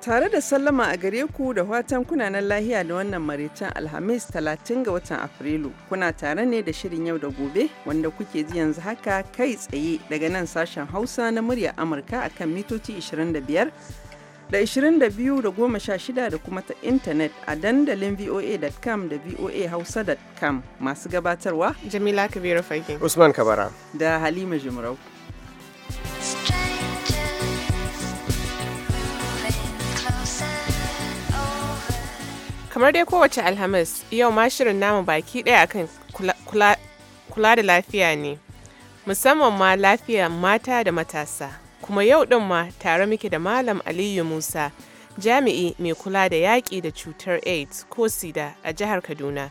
Tare da sallama a gare ku da watan kunanan lahiya da wannan maraicen Alhamis 30 ga watan Afrilu. Kuna tare ne da shirin yau da gobe wanda kuke ji yanzu haka kai tsaye daga nan sashen Hausa na muryar Amurka akan mitoci 25 da 22 da 16 da kuma ta intanet a dandalin voa.com da voahausa.com masu gabatarwa Jamila Kabiru Fagin Usman Kabara da Halima Jumrau. Kamar dai kowace Alhamis, yau ma shirin namu baki ɗaya akan kula da lafiya ne, musamman ma lafiya mata da matasa. Kuma yau ɗin ma tare muke da Malam Aliyu Musa, jami'i mai kula da yaƙi da cutar AIDS ko SIDA a jihar Kaduna.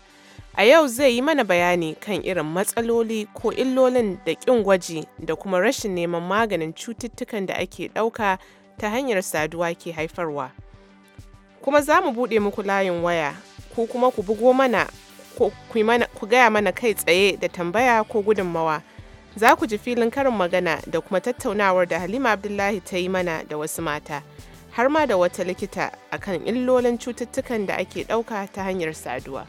A yau zai yi mana bayani kan irin matsaloli ko illolin da ƙin gwaji da kuma rashin neman maganin cututtukan da ake ɗauka ta hanyar saduwa ke haifarwa. kuma za mu buɗe muku layin waya ko kuma ku bugo mana ku gaya mana kai tsaye da tambaya ko gudunmawa za ku ji filin karin magana da kuma tattaunawar da halima abdullahi ta yi mana da wasu mata har ma da wata likita akan illolin cututtukan da ake ɗauka ta hanyar saduwa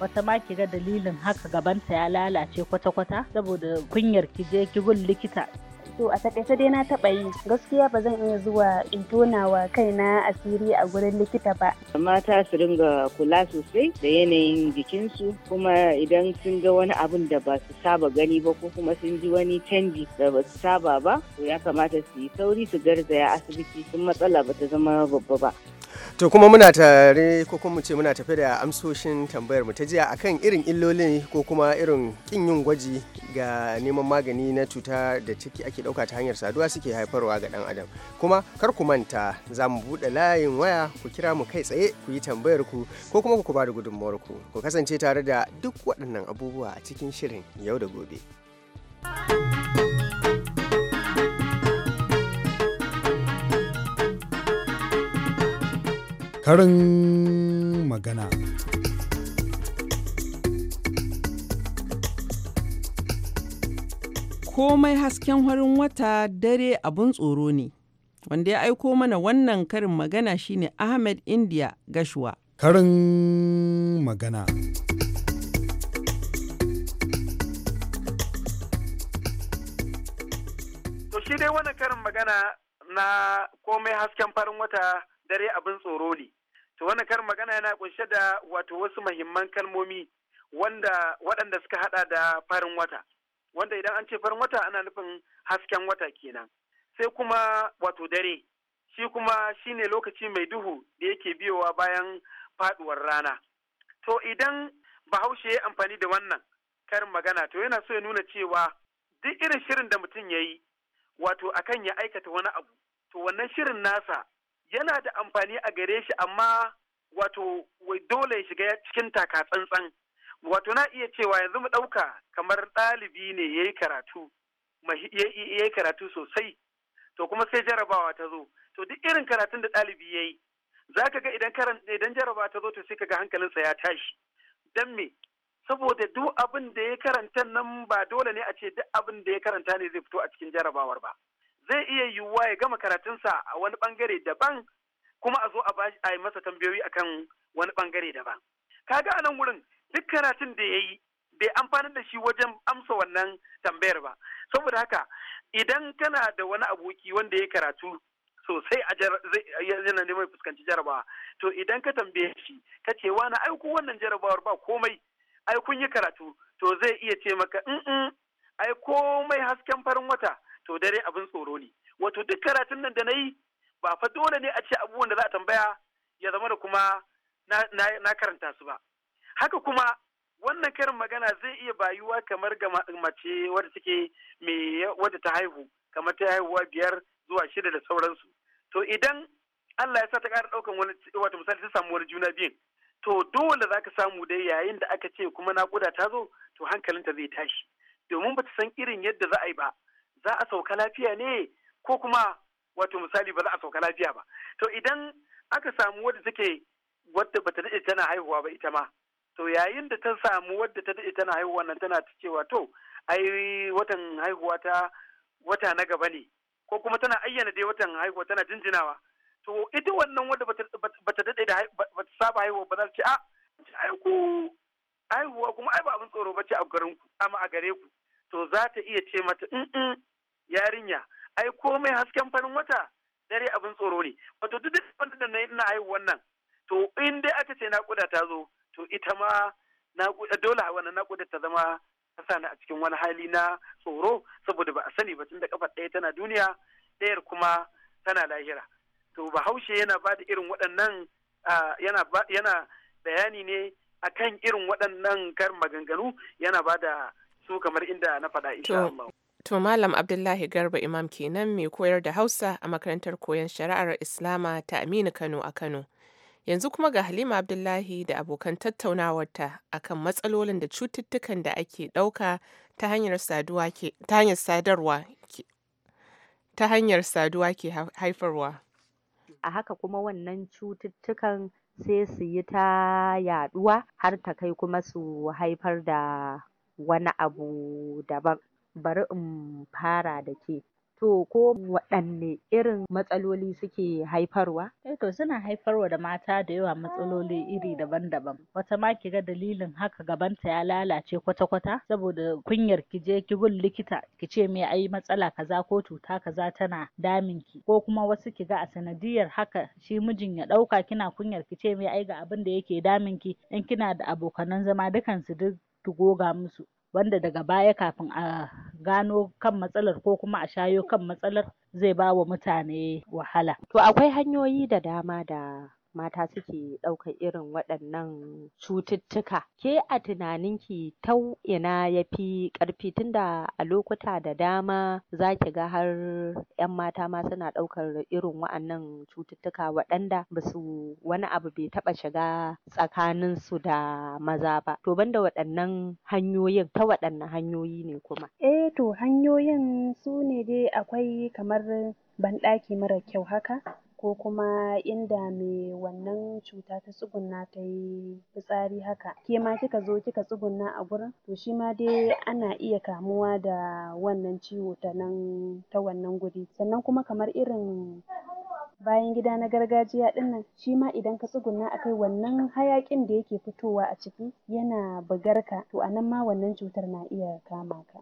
wata ma ki ga dalilin haka gabanta ya lalace kwata-kwata saboda kunyar ki je ki gun likita To a takaice dai na taɓa yi gaskiya ba zan iya zuwa in tona wa kaina asiri a gurin likita ba. Mata su ringa kula sosai da yanayin jikinsu kuma idan sun ga wani abun da ba su saba gani ba ko kuma sun ji wani canji da ba su saba ba to ya kamata su yi sauri su garzaya asibiti sun matsala ba ta zama babba ba. to kuma muna tare ko kuma ce muna tafi da amsoshin tambayar mu ta jiya akan irin illolin ko kuma irin kin yin gwaji ga neman magani na cuta da ciki ake dauka ta hanyar saduwa suke haifarwa ga dan adam kuma kar ku manta za mu buɗe layin waya ku kira mu kai tsaye ku yi tambayar ku ko kuma ku ba da gudunmuwar ku ku kasance tare da duk waɗannan abubuwa a cikin shirin yau da gobe. karin magana. Komai hasken harin wata dare abin tsoro ne, wanda ya aiko mana wannan karin magana shine Ahmed India Gashuwa. Karin magana. shi dai wannan karin magana na komai hasken farin wata dare abin tsoro ne. to wannan karin magana yana kunshe da wato wasu mahimman kalmomi wanda waɗanda suka hada da farin wata wanda idan an ce farin wata ana nufin hasken wata kenan sai kuma wato dare shi kuma shine lokaci mai duhu da yake biyowa bayan faduwar rana to idan bahaushe ya amfani da wannan karin magana to yana so ya nuna cewa duk irin shirin da mutum ya yi wato akan ya aikata wani abu to wannan shirin nasa yana da amfani a gare shi amma wato dole shiga cikin taka tsantsan wato na iya cewa yanzu mu ɗauka kamar ɗalibi ne ya yi karatu ya yi karatu sosai to kuma sai jarabawa ta zo to duk irin karatun da ɗalibi ya yi za ka ga idan idan jarabawa ta zo to sai ka ga hankalinsa ya tashi dan me saboda duk abin da ya karanta nan ba dole ne a ce duk abin da ya karanta ne zai fito a cikin jarabawar ba zai iya yiwuwa ya gama karatunsa a wani bangare daban kuma a zo a yi masa tambayoyi akan wani bangare daban Ka ga nan wurin duk karatun da ya yi bai amfani da shi wajen amsa wannan tambayar ba saboda haka idan kana da wani aboki wanda ya karatu sosai a yana neman fuskanci jarabawa to idan ka tambaye shi ka ce wani aiko wannan jarabawar ba komai aikun yi karatu to zai iya ce maka in ai komai hasken farin wata to dare abin tsoro ne wato duk karatun nan da na yi ba fa dole ne a ce abubuwan da za a tambaya ya zama da kuma na, karanta su ba haka kuma wannan karin magana zai iya bayuwa kamar ga mace wadda take mai wadda ta haihu kamar ta haihuwa biyar zuwa shida da sauransu to idan Allah ya sa ta ƙara ɗaukan wani wato misali ta samu wani juna biyun to dole za ka samu dai yayin da aka ce kuma naƙuda ta zo to hankalinta zai tashi domin ba ta san irin yadda za a yi ba za a sauka lafiya ne ko kuma wato misali ba za a sauka lafiya ba to idan aka samu wadda take wadda bata daɗe tana haihuwa ba ita ma to yayin da ta samu wadda ta daɗe tana haihuwa nan tana cewa to ai watan haihuwa ta wata na gaba ne ko kuma tana ayyana dai watan haihuwa tana jinjinawa to ita wannan wadda bata daɗe da bata saba haihuwa ba za ta ce a ah, ai ku haihuwa kuma ai ba abin tsoro ba ce a garin ku amma a gare ku to za ta iya ce mata in yarinya ai komai hasken farin wata dare abin tsoro ne wato duk da na na wannan wannan to in dai aka ce naƙuda ta zo to ita ma dole a wannan naƙuda ta zama ta sa ni a cikin wani hali na tsoro saboda ba a sani ba tun da kafar ɗaya tana duniya ɗayar kuma tana lahira to bahaushe yana ba da irin waɗannan yana bayani ne a kan irin waɗannan kar maganganu yana ba da su kamar inda na faɗa insha Allah. To Malam Abdullahi Garba Imam kenan mai koyar da Hausa a makarantar koyon shari'ar Islama ta Aminu Kano a Kano. Yanzu kuma ga Halima Abdullahi da abokan tattaunawarta akan matsalolin da cututtukan da ake ɗauka ta hanyar saduwa ke ta hanyar sadarwa ta hanyar saduwa ke haifarwa. A haka kuma wannan cututtukan sai su yi ta yaɗuwa har ta kai kuma su haifar da wani abu daban bari in fara da ke to ko waɗanne irin matsaloli suke haifarwa? Eh to suna haifarwa da mata da yawa matsaloli iri daban-daban wata ma ki ga dalilin haka gaban ta ya lalace kwata-kwata saboda kunyar ki je ki gun likita ki ce me ai matsala kaza ko cuta kaza tana damin ki ko kuma wasu ki ga a sanadiyar haka shi mijin ya ɗauka kina kunyar ki ce me ai ga abin da yake damin ki in kina da abokanan zama dukansu duk ki goga musu wanda daga baya kafin a gano kan matsalar ko kuma a shayo kan matsalar zai bawa mutane wahala to akwai hanyoyi da dama da mata suke ɗaukar irin waɗannan cututtuka ke a tunaninki ta ina ya fi ƙarfi tunda a lokuta da dama zaki ga har 'yan mata ma suna ɗaukar irin waɗannan cututtuka waɗanda basu wani abu bai taɓa shiga tsakanin su da maza ba to banda waɗannan hanyoyin ta waɗanne hanyoyi ne kuma? eh to hanyoyin su ne dai akwai kamar banɗaki mara kyau haka ko kuma inda me wannan cuta ta tsugunna tayi fitsari haka kema kika zo kika tsugunna a gurin to shi ma dai ana iya kamuwa da wannan ciwo ta nan ta wannan guri sannan kuma kamar irin bayan gida na gargajiya shi ma idan ka tsugunna a wannan hayaƙin da yake fitowa a ciki yana bugar ka to a nan ma wannan cutar na iya kama ka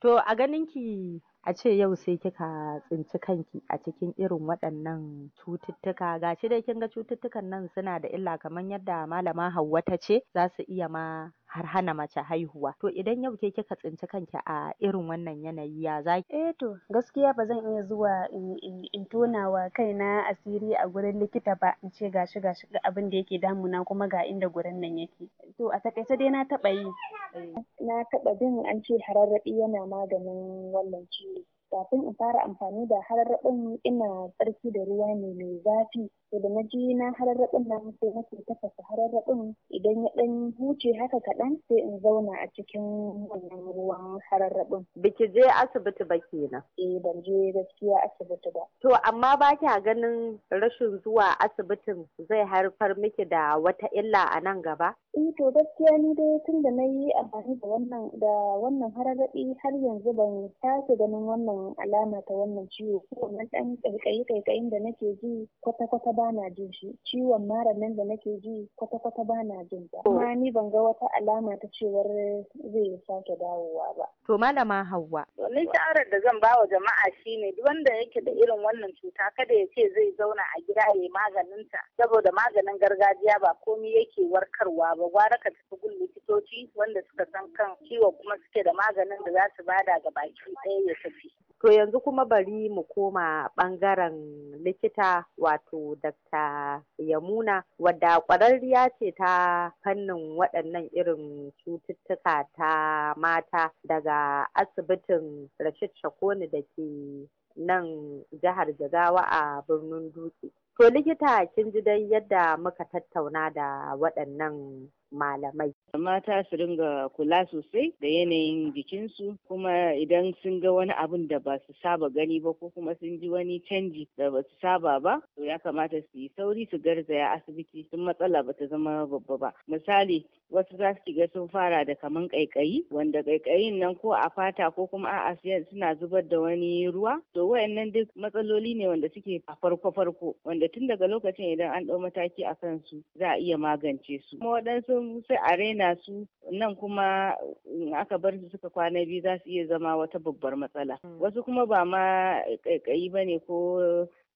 to a ganin ki a ce yau sai kika tsinci kanki a cikin irin waɗannan cututtuka gashi dai kin ga cututtukan nan suna da illa kamar yadda malama Hauwa ta ce za su iya ma har hana mace haihuwa to idan yau ke kika tsinci kanki a irin wannan yanayi ya zaki eh to gaskiya ba zan iya zuwa in tonawa tona kaina asiri a gurin likita ba in ce gashi gashi ga abin da yake damuna kuma ga inda gurin nan yake to a takaice dai na taɓa yi na taɓa bin an ce hararraɗi yana maganin wannan ciwo kafin in fara amfani da hararraɓin ina tsarki da ruwa ne mai zafi to da naji na hararraɓin nan sai nake tafasa hararraɓin idan ya ɗan huce haka kaɗan sai in zauna a cikin wannan ruwan hararraɓin. Biki je asibiti ba kenan. Eh ban je gaskiya asibiti ba. To amma ba kya ganin rashin zuwa asibitin zai haifar miki da wata illa a nan gaba? eh to gaskiya ni dai tun da na yi amfani da wannan da wannan haragaɗi har yanzu ban sake ganin wannan alama ta wannan ciwo ko wannan ɗan ƙaiƙayi ƙaiƙayin da nake ji kwata kwata ba jin shi ciwon mara nan da nake ji kwata kwata ba jin ta amma ni ban ga wata alama ta cewar zai sake dawowa ba to malama Hauwa domin shawarar da zan bawa jama'a shine duk wanda yake da irin wannan cuta kada ya ce zai zauna a gida ya yi maganinta saboda maganin gargajiya ba komai yake warkarwa ba ba gwara ka tafi gun likitoci wanda suka san kan ciwo kuma suke da maganin da za su bada ga baki ɗaya ya tafi To yanzu kuma bari mu koma bangaren likita wato Dr. Yamuna wadda ƙwararriya ce ta fannin waɗannan irin cututtuka ta mata daga asibitin Rashid Shakoni da ke nan jihar Jigawa a birnin Dutse. To likita kin ji dai yadda muka tattauna da waɗannan malamai. Mata su ringa kula sosai da yanayin jikinsu kuma idan sun ga wani abun da ba su saba gani ba ko kuma sun ji wani canji da ba su saba ba to ya kamata su yi sauri su garzaya asibiti sun matsala ba ta zama babba ba. Misali wasu za su ga sun fara da kaman kaikayi wanda kaikayin nan ko a fata ko kuma a a'a suna zubar da wani ruwa to wayannan duk matsaloli ne wanda suke a farko farko wanda tun daga lokacin idan an ɗau mataki a kansu za a iya magance su. Kuma waɗansu kullum sai a raina su nan kuma aka bar su suka kwana biyu za su iya zama wata babbar matsala hmm. wasu kuma ba ma kaikayi ba ne ko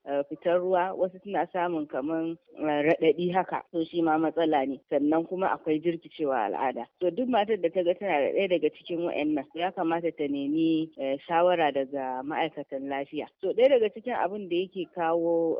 eh, fitar ruwa wasu suna samun kamar eh, raɗaɗi haka to shi ma matsala ne sannan kuma akwai jirkicewa al'ada to duk matar da ta ga tana da ɗaya daga cikin wa'annan ya kamata ta nemi eh, shawara daga ma'aikatan lafiya to ɗaya daga cikin abin da yake kawo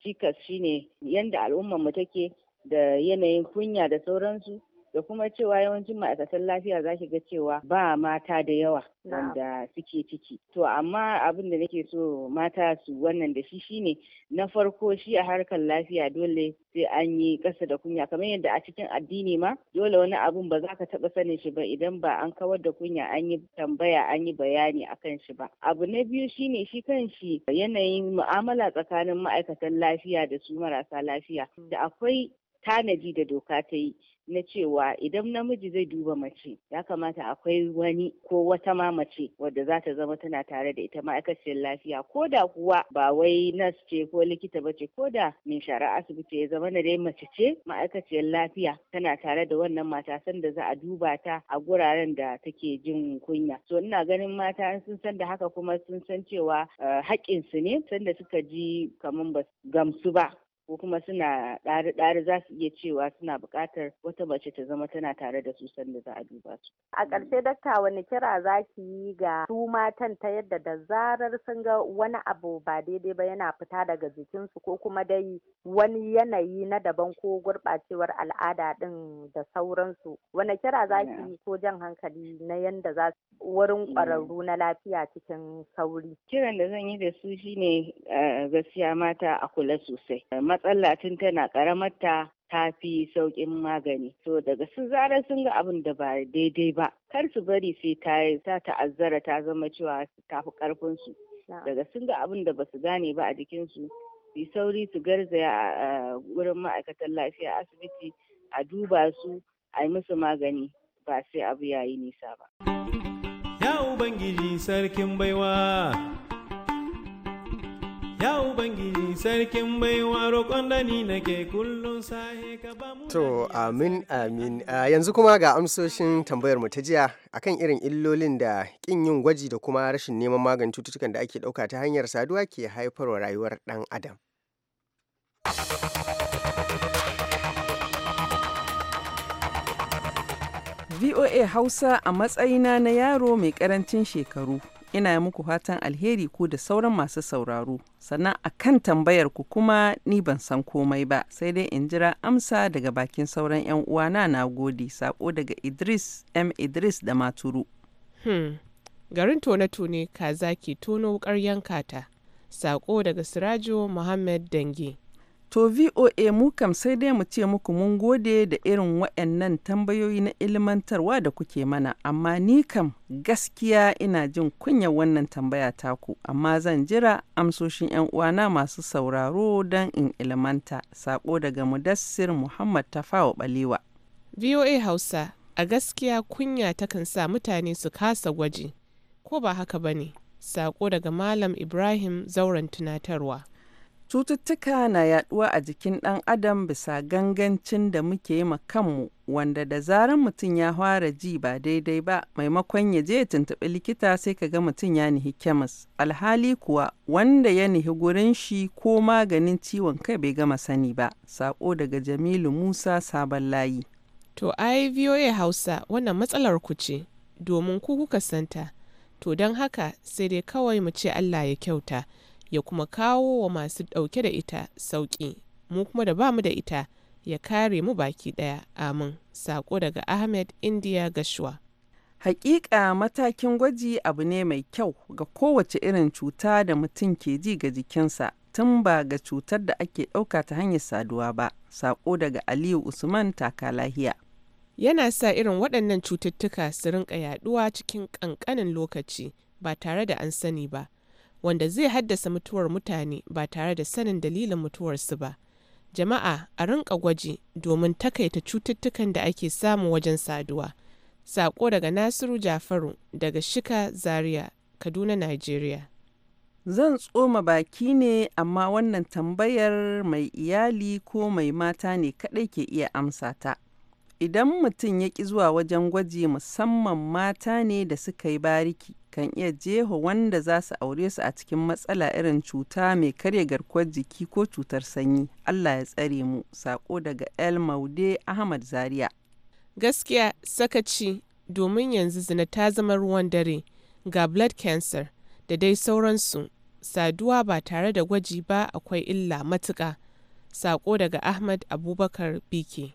cikas shine yanda al'ummar mu take da yanayin kunya da sauransu da kuma cewa yawancin ma'aikatan lafiya za ga cewa ba mata da yawa wanda suke ciki to amma abin da nake so mata su wannan da shi shine na farko shi a harkar lafiya dole sai an yi ƙasa da kunya kamar yadda a cikin addini ma dole wani abun ba za ka taɓa sanin shi ba idan ba an kawar da kunya an yi tambaya an yi bayani akan shi ba abu na biyu shine shi kan shi yanayin mu'amala tsakanin ma'aikatan lafiya da su marasa lafiya da akwai tanadi da doka ta yi na cewa idan namiji zai duba mace ya kamata akwai wani ko wata ma mace wadda za ta zama tana tare da ita ma'aikaciyar lafiya ko da kuwa ba wai nas ce ko likita ba ce ko da min shara asibiti ya zama na dai mace ce ma'aikaciyar lafiya tana tare da wannan mata sanda za a duba ta a guraren da take jin kunya so ina ganin mata sun san da haka kuma sun san cewa eh, haƙƙinsu ne sanda suka ji kamar ba gamsu ba ko kuma suna ɗari-ɗari za su iya cewa suna buƙatar wata mace ta zama tana tare da su sanda za a duba su. A ƙarshe dakta wani kira za ki yi ga su matan ta yadda da zarar sun ga wani abu ba daidai ba yana fita daga jikinsu ko kuma dai wani yanayi na daban ko gurɓacewar al'ada ɗin da sauransu. Wani kira za ki yi ko jan hankali na yadda za su wurin ƙwararru na lafiya cikin sauri. Kiran da zan yi da su shine eh, gaskiya mata a kula sosai. matsala tun tana karamarta ta fi sauƙin magani. To daga sun zarar sun ga abin da ba daidai ba, kar su bari sai ta ta'azzara ta zama cewa ta fi ƙarfinsu. Daga sun ga abin da ba su gane ba a jikinsu, su sauri su garzaya a wurin ma'aikatan lafiya asibiti a duba su a yi musu magani ba sai abu yayi nisa ba. Ya Ubangiji sarkin baiwa. Ya Ubangiji sarkin baiwa roƙon da ni nake kullum sahe ka ba To amin amin yanzu kuma ga amsoshin tambayar mu ta jiya akan irin illolin da kin yin gwaji da kuma rashin neman magani cututtukan da ake ɗauka ta hanyar saduwa ke haifarwa rayuwar ɗan adam. VOA Hausa a matsayina na yaro mai karancin shekaru. Ina muku fatan alheri ku da sauran masu sauraro. sannan a kan tambayar ku kuma ni ban san komai ba sai dai in jira amsa daga bakin sauran 'yan uwana na gode sako daga idris m idris da maturu hmm. garin tone-tone kaza ke tono wukar yanka ta sako daga sirajo muhammad dange To VOA mu kam sai dai mu ce muku mun gode da irin waɗannan tambayoyi na ilmantarwa da kuke mana, amma ni kam gaskiya ina jin kunyar wannan tambaya taku, amma zan jira amsoshin 'yan uwana masu sauraro don in ilmanta. Sako daga Mudassir Muhammad ta Tafawa Balewa. VOA Hausa, a gaskiya kunya takan sa mutane su kasa gwaji, ko ba haka ba ne? Sako daga Malam Ibrahim Zauren Tunatarwa. Cututtuka na yaduwa a jikin ɗan adam bisa gangancin da muke yi ma kanmu wanda da zaran mutum ya fara ji ba daidai ba maimakon ya je ya tuntuɓi likita sai ka ga mutum ya nihi kemis. Alhali kuwa wanda ya nihi gurin shi ko maganin ciwon kai bai gama sani ba. Sako daga Jamilu Musa Sabon Layi. To ai VOA Hausa wannan matsalar ku ce domin ku kuka santa. To don haka sai dai kawai mu ce Allah ya kyauta. ya kuma kawo wa masu ɗauke da ita sauƙi mu kuma da bamu da ita ya kare mu baki ɗaya amin sako daga ahmed india gashua Hakika matakin gwaji abu ne mai kyau ga kowace irin cuta da mutum ke ji ga jikinsa tun ba ga cutar da ake ɗauka ta hanyar saduwa ba, sako daga Aliyu Usman taka lahiya. Yana sa irin waɗannan cututtuka su rinka yaɗuwa cikin ƙanƙanin lokaci ba tare da an sani ba, wanda zai haddasa mutuwar mutane ba tare da sanin dalilin mutuwarsu ba. Jama'a a rinka gwaji domin takaita cututtukan da ake samu wajen saduwa. Sako daga Nasiru Jafaru daga Shika Zaria, Kaduna, Najeriya. Zan tsoma baki ne amma wannan tambayar mai iyali ko mai mata ne kaɗai ke iya amsa ta. Idan mutum ya ƙi zuwa wajen gwaji musamman mata ne da suka yi bariki kan iya jeho wanda za su aure su a cikin matsala irin cuta mai karya garkuwar jiki ko cutar sanyi. Allah ya tsare mu. Sako daga El Maude Ahmad Zaria. Gaskiya sakaci domin yanzu zina ta zama ruwan dare ga blood cancer da dai sauransu. Saduwa ba tare da gwaji ba akwai illa matuƙa. Sako daga Ahmad Abubakar Bike.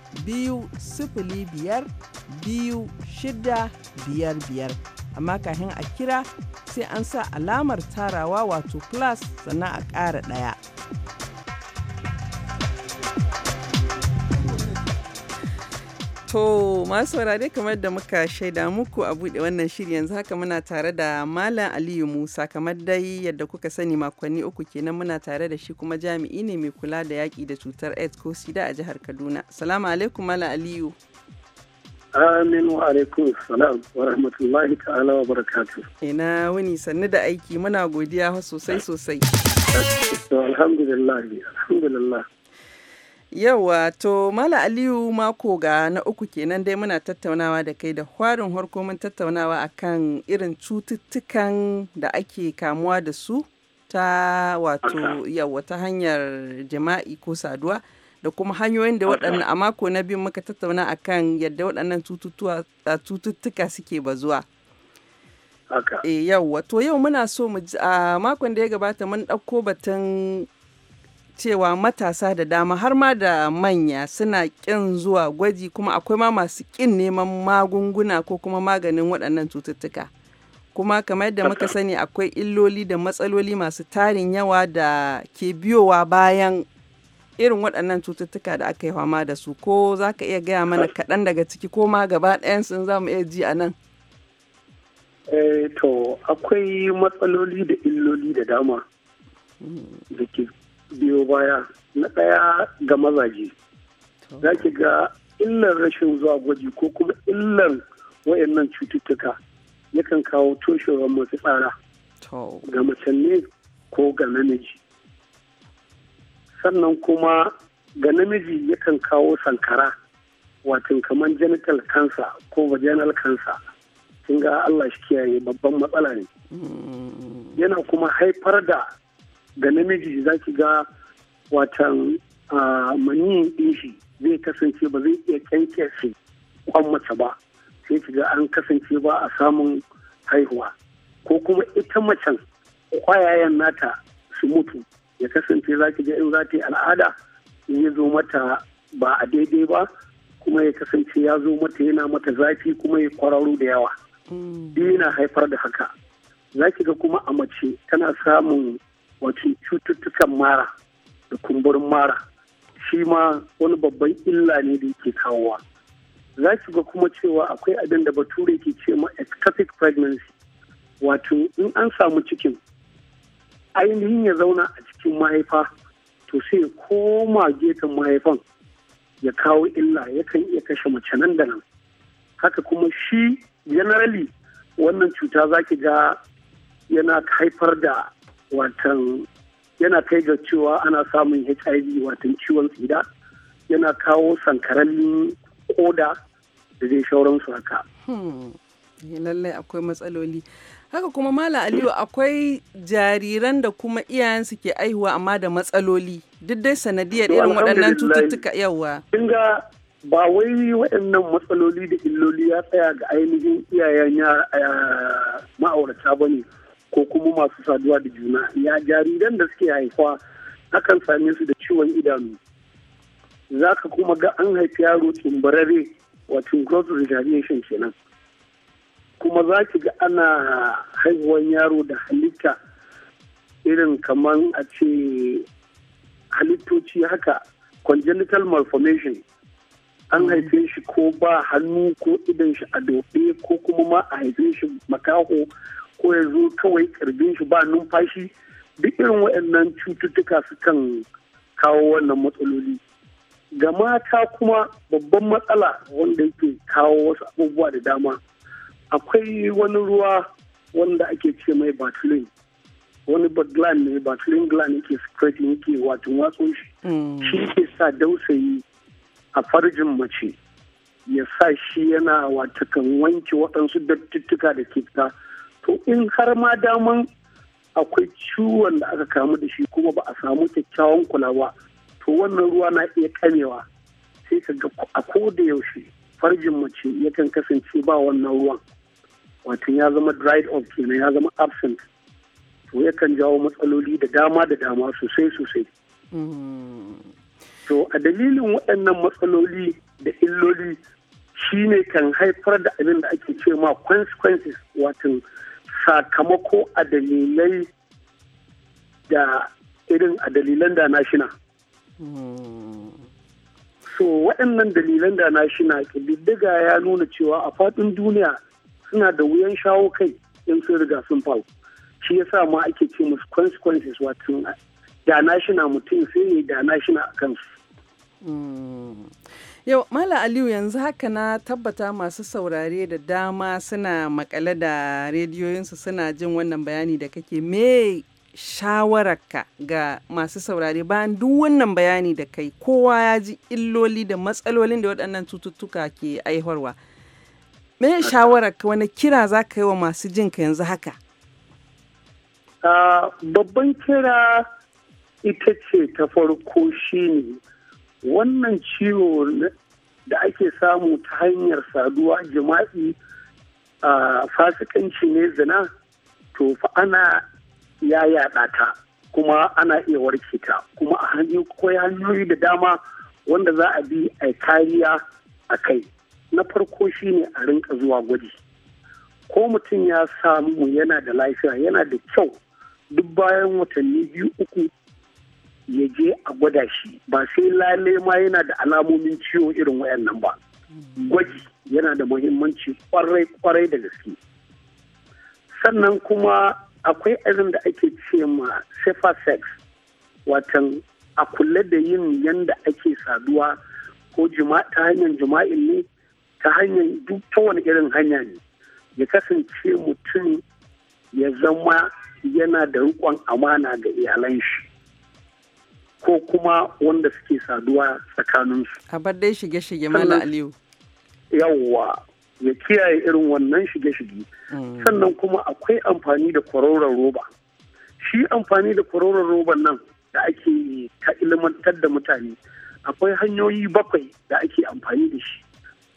biyu sifili biyar biyu shida biyar biyar amma kafin a kira sai an sa alamar tarawa wato class sannan a ƙara ɗaya. To masu saurare kamar da muka shaida muku a buɗe wannan shiri yanzu haka muna tare da Malam Aliyu Musa kamar dai yadda kuka sani makonni uku kenan muna tare da shi kuma jami'i ne mai kula da yaƙi da cutar AIDS ko sida a jihar Kaduna. Salamu alaikum Malam Aliyu. Aminu alaikum salam wa rahmatullahi ta'ala wa barakatu. Ina wuni sannu da aiki muna godiya sosai sosai. Alhamdulillah alhamdulillah. Yawa to Mala Aliyu mako ga na uku kenan dai muna tattaunawa da kai da kwarin harko mun tattaunawa akan irin cututtukan da ake kamuwa da su ta wato yawa ta hanyar jima'i ko saduwa da kuma hanyoyin da waɗannan a mako na biyu muka tattauna akan yadda waɗannan cututtuka suke bazuwa. E, eh, yawa to yau muna so mu a makon da ya gabata mun ɗauko batun cewa matasa da dama har ma da manya suna kin zuwa gwaji kuma akwai ma masu ƙin neman magunguna ko kuma maganin waɗannan cututtuka. Kuma kamar yadda muka sani akwai illoli da matsaloli masu tarin yawa da ke biyowa bayan irin waɗannan cututtuka da aka yi fama da su ko za ka iya gaya mana kaɗan daga ciki ko ma gaba ɗayan sun za mu iya ji a nan. Eh, to akwai matsaloli da illoli da dama hmm. da ke biyo baya na ɗaya ga mazaje za ki ga illar rashin zuwa gwaji ko kuma illar wayannan cututtuka yakan kawo toshewar masu tsara ga mace ko ga namiji sannan kuma ga namiji yakan kawo sankara wato kamar genital cancer ko vaginal cancer kin ga Allah shi kiyaye babban matsala ne mm. yana kuma haifar da da namiji za ki ga watan maniyin ɗin shi zai kasance ba zai iya kyankyace kwan mace ba sai ki ga an kasance ba a samun haihuwa ko kuma ita macen kwayayen nata su mutu ya kasance za ki ga in za ta yi al'ada in ya zo mata ba a daidai ba kuma ya kasance ya zo mata yana mata zafi kuma ya kwararo da yawa mm. duk yana haifar da haka za ki ga kuma a mace tana samun wato cututtukan mara da kumburin mara shi ma wani babban illa ne da yake kawowa za ki ga kuma cewa akwai abin da bature ke ce ma ectopic pregnancy wato in an samu cikin ainihin ya zauna a cikin mahaifa to sai koma gefen mahaifan ya kawo illa yakan iya kashe mace nan da nan haka kuma shi generally wannan cuta za ki ga yana haifar da watan yana kai ga cewa ana samun hiv watan ciwon tsida yana kawo sankaran koda da zai shauransu haka hmm. eh, lallai akwai matsaloli haka kuma mala aliyu akwai jariran da kuma iyayensu ke aihuwa amma da matsaloli duk dai sanadiyar irin waɗannan cututtuka yawa kinga ba wai waɗannan matsaloli da illoli ya tsaya ga ainihin iyayen ma'aurata ba ne ko kuma masu saduwa da juna ya jariran da suke haifa akan same su da ciwon idanu za ka kuma ga an haifi yaro tumbarare wato cross retaliation kenan kuma za ki ga ana haihuwan yaro da halitta irin kamar a ce halittoci haka congenital malformation an mm. haife shi ko ba hannu ko idan shi a dobe ko kuma ma a haife shi makaho ko ya zo kawai kirgin shi ba numfashi duk irin waɗannan cututtuka sukan kawo wannan matsaloli ga mata kuma babban matsala wanda yake kawo wasu abubuwa da dama akwai wani ruwa wanda ake ce mai batulin wani gland ne batulin gland yake secretin yake wato watsun shi mm. shi ke sa dausayi a farjin mace ya sa shi yana watakan wanke waɗansu dattuttuka da ke fita to in har ma daman akwai ciwon da aka kamu da shi kuma ba a samu kyakkyawan kula ba to wannan ruwa na iya kamewa sai ka ga a koda yaushe farjin mace yakan kasance ba wannan ruwan wato ya zama dried up kenan ya zama absent to yakan jawo matsaloli da dama da dama sosai sosai to a dalilin waɗannan matsaloli da illoli shine kan haifar da abin da ake ce ma consequences wato sakamako a dalilai da irin a dalilan da na shina. So waɗannan dalilan da na shina ƙididdiga ya nuna cewa a faɗin duniya suna da wuyan shawo kai in sun riga sun faru. Shi yasa ma ake ce musu consequences wato da na mutum sai ne da na a kansu. Mm. Yau Mala Aliyu yanzu haka na tabbata masu saurare da dama suna makale da rediyoyinsu suna jin wannan bayani da kake me shawararka ga masu saurare bayan duk wannan bayani da kai kowa ya ji illoli da matsalolin da waɗannan cututtuka ke aiharwa. Me shawararka wani kira za ka yi wa masu jin ka yanzu haka? Ah, babban kira ita ce ta farko shine wannan ciwo da ake samu ta hanyar saduwa jima'i a fasikanci ne zina to fa ana ya yaɗa ta kuma ana iya warke ta kuma a hanyoyi da dama wanda za a bi a kariya a kai na farko shine a rinka zuwa gwaji ko mutum ya samu yana da lafiya yana da kyau duk bayan watanni biyu uku ya je a gwada shi ba sai lale ma yana da alamomin ciwo irin wayannan ba gwaji yana da muhimmanci kwarai kwarai da gaske sannan kuma akwai irin da ake ce ma safer sex watan a kula da yin yanda ake saduwa ko ta hanyar jima'in ne ta hanyar duk ta wani irin hanya ne ya kasance mutum ya zama yana da rikon amana ga iyalan shi ko kuma wanda suke saduwa tsakaninsu. A bar dai shige-shige mala Aliyu. Yawwa ya kiyaye irin wannan shige-shige. Mm. Sannan kuma akwai amfani da kwaroron roba. Shi amfani da kwaroron roban nan da ake ta ilimantar da mutane akwai hanyoyi bakwai da ake amfani da shi.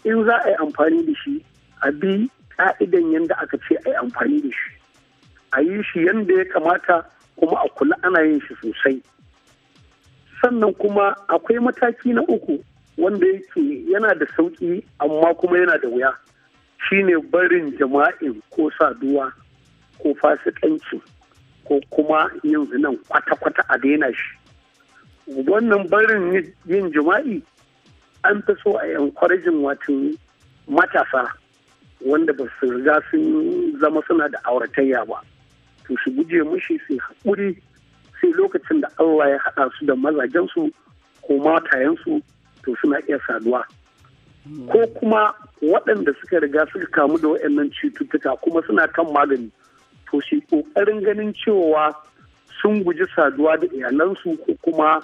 In za a yi amfani da shi a bi ka'idan yadda aka ce a yi amfani da shi. A yi shi yadda ya kamata kuma a kula ana yin shi sosai. sannan kuma akwai mataki na uku wanda yake yana da sauƙi amma kuma yana da wuya shine barin jama'in ko saduwa ko fasikanci ko kuma yin zinan kwata-kwata a daina shi wannan barin yin jima'i an fi so a encouraging watan matasa wanda ba su riga sun zama suna da auratayya ba to su guje mushi su haƙuri sai lokacin da Allah ya haɗa su da mazajensu ko matayensu to suna iya saduwa ko kuma waɗanda suka riga suka kamu da waɗannan cututtuka kuma suna kan magani to shi ƙoƙarin ganin cewa sun guji saduwa da iyalansu ko kuma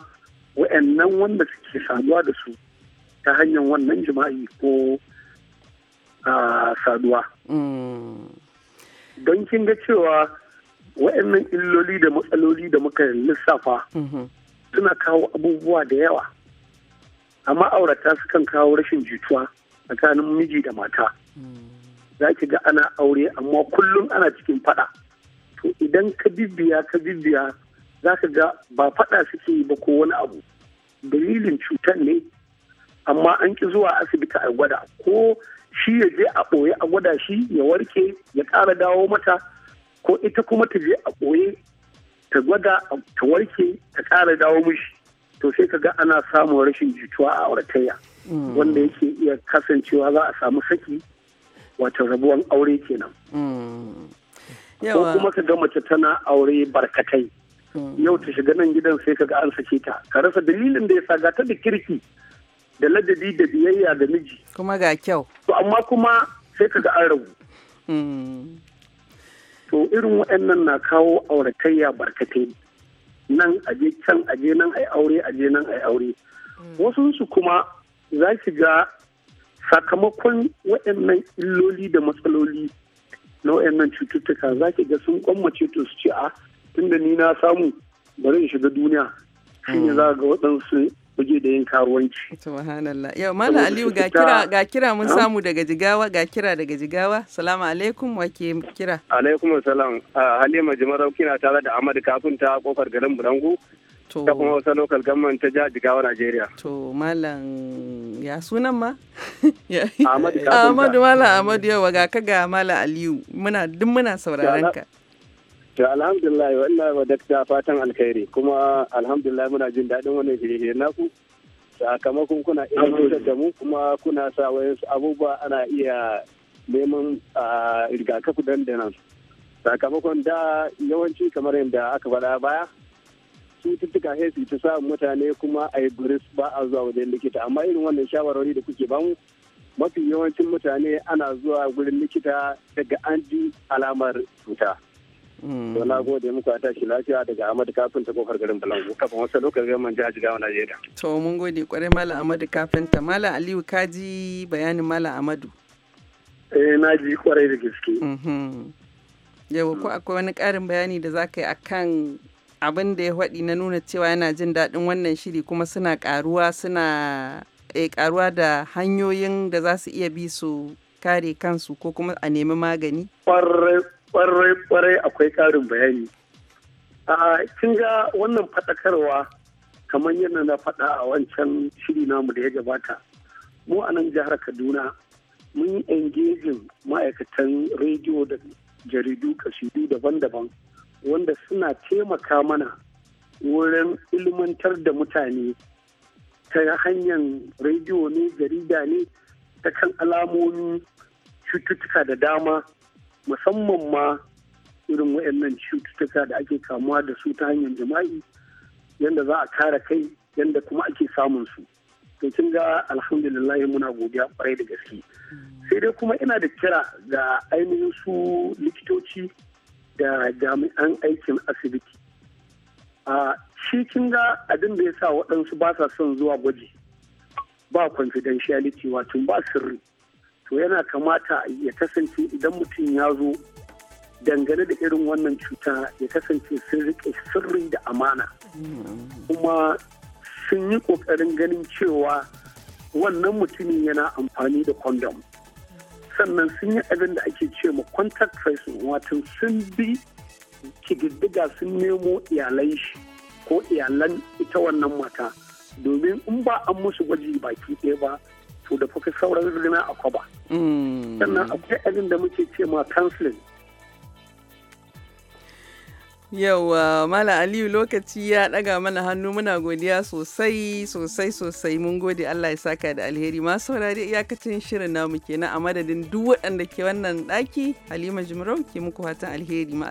waɗannan wanda suke saduwa da su ta hanyar wannan jima'i ko ah, saduwa mm. don kin ga cewa wa'annan illoli da matsaloli da muka lissafa mhm. suna kawo abubuwa da yawa amma aurata sukan kawo rashin jituwa tsakanin miji da mata mm. za ki ga ana aure amma kullum ana cikin fada to idan ka bibiya ka bibiya za ka ga ba fada suke yi ba ko wani abu dalilin cutar ne amma an ki zuwa asibiti a gwada ko shi ya je a ɓoye a gwada shi ya warke ya ƙara dawo mata ko ita kuma ta je a ɓoye ta gwada ta warke ta ƙara dawo mishi to sai ka ga ana samun rashin jituwa a auratayya mm. wanda yake iya kasancewa za a samu saki wato rabuwan aure kenan mm. ko kuma ka ga mace tana aure barkatai mm. yau ta shiga nan gidan sai ka ga an sake ta ka rasa dalilin da ya sa gata da kirki da ladabi da biyayya da miji kuma ga kyau to amma kuma sai ka ga an rabu to irin waɗannan na kawo auratayya barkatai nan aje can aje nan ai aure aje nan ai aure mm. wasu su kuma za ki ga sakamakon waɗannan illoli da matsaloli na waɗannan cututtuka za ki ga sun kwammace to su ce a ah, tunda ni na samu bari in shiga duniya shine mm. za ga waɗansu kuje da yin karuwanci. Subhanallah. Yau Malam Aliyu ga kira ga kira mun samu daga Jigawa ga kira daga Jigawa. Salamu alaikum ke kira. Alaikum salam. Halima Jimarau kina tare da Ahmad Kafinta kofar garin Burangu. To. Ta kuma wasa local government ta jihar Jigawa Najeriya. To Malam ya sunan ma? Ahmadu Kafinta. Ahmadu Malam Ahmadu yau ga ka ga Malam Aliyu. Muna duk muna sauraron ka. To alhamdulillah wannan wa fatan alkhairi kuma alhamdulillah muna jin daɗin wannan shirye naku sakamakon kuna ilmantar da mu kuma kuna sa wayansu abubuwa ana iya neman rigakafi dandanan sakamakon da yawanci kamar yadda aka faɗa baya cututtuka sai su ta sa mutane kuma a yi ba a zuwa wajen likita amma irin wannan shawarwari da kuke bamu mafi yawancin mutane ana zuwa gurin likita daga an ji alamar cuta. to na gode muku a tashi lafiya daga Ahmadu Kafinta kofar garin Balangu kafin wasu lokacin gaman jihar Jigawa Najeriya to mun gode kwarai Malam Ahmadu Kafinta Malam Aliyu kaji bayanin Malam Ahmadu eh na ji kwarai da gaske mhm. yawa ko akwai wani ƙarin bayani da za ka yi akan abin da ya faɗi na nuna cewa yana jin daɗin wannan shiri kuma suna ƙaruwa suna eh, ƙaruwa da hanyoyin da za su iya bi su kare kansu ko kuma a nemi magani? kwarai-kwarai akwai ƙarin bayani. A kin ga wannan faɗakarwa kamar yadda na faɗa a wancan shiri namu da ya gabata. Mu a nan jihar Kaduna mun yi engejin ma'aikatan rediyo da jaridu kasidu daban-daban wanda suna taimaka mana wurin ilmantar da mutane ta hanyar rediyo ne jarida ne ta kan alamomi cututtuka da dama musamman ma irin waɗannan cututtuka da ake kamuwa da su ta hanyar jima'i yadda za a kare kai yadda kuma ake samun su to kin ga alhamdulillah muna godiya kwarai da gaske sai dai kuma ina da kira ga ainihin su likitoci da jami'an aikin asibiti a shi kin ga abin da ya sa waɗansu ba sa son zuwa gwaji ba confidentiality wato ba sirri to yana kamata ya kasance idan mutum ya zo dangane da irin wannan cuta ya kasance sun rike sirri da amana kuma sun yi ƙoƙarin ganin cewa wannan mutumin yana amfani da condom sannan sun yi abin da ake ce ma contact tracing wato sun bi kididdiga sun nemo iyalai shi ko iyalan ita wannan mata domin in ba an musu gwaji baki ɗaya ba to da fuka sauran zina a kwaba. Mm. Sannan akwai abin da muke ce ma counseling. Yawa Mala Aliyu lokaci ya ɗaga mana hannu muna godiya sosai sosai sosai mun gode Allah ya saka da alheri masu saurari iyakacin shirin namu kenan a madadin duk waɗanda ke wannan ɗaki Halima Jimarau ke muku fatan alheri ma